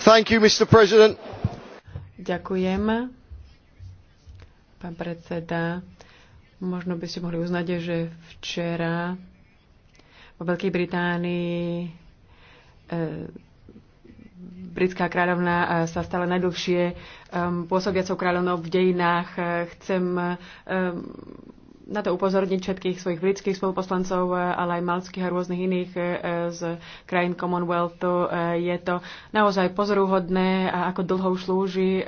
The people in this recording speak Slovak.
You, Ďakujem. Pán predseda, možno by ste mohli uznať, že včera vo Veľkej Británii e, britská kráľovná e, sa stala najdlhšie um, pôsobiacou kráľovnou v dejinách. E, chcem um, na to upozorniť všetkých svojich britských spoluposlancov, e, ale aj malských a rôznych iných e, e, z krajín Commonwealthu. Je to naozaj pozoruhodné, ako dlho už slúži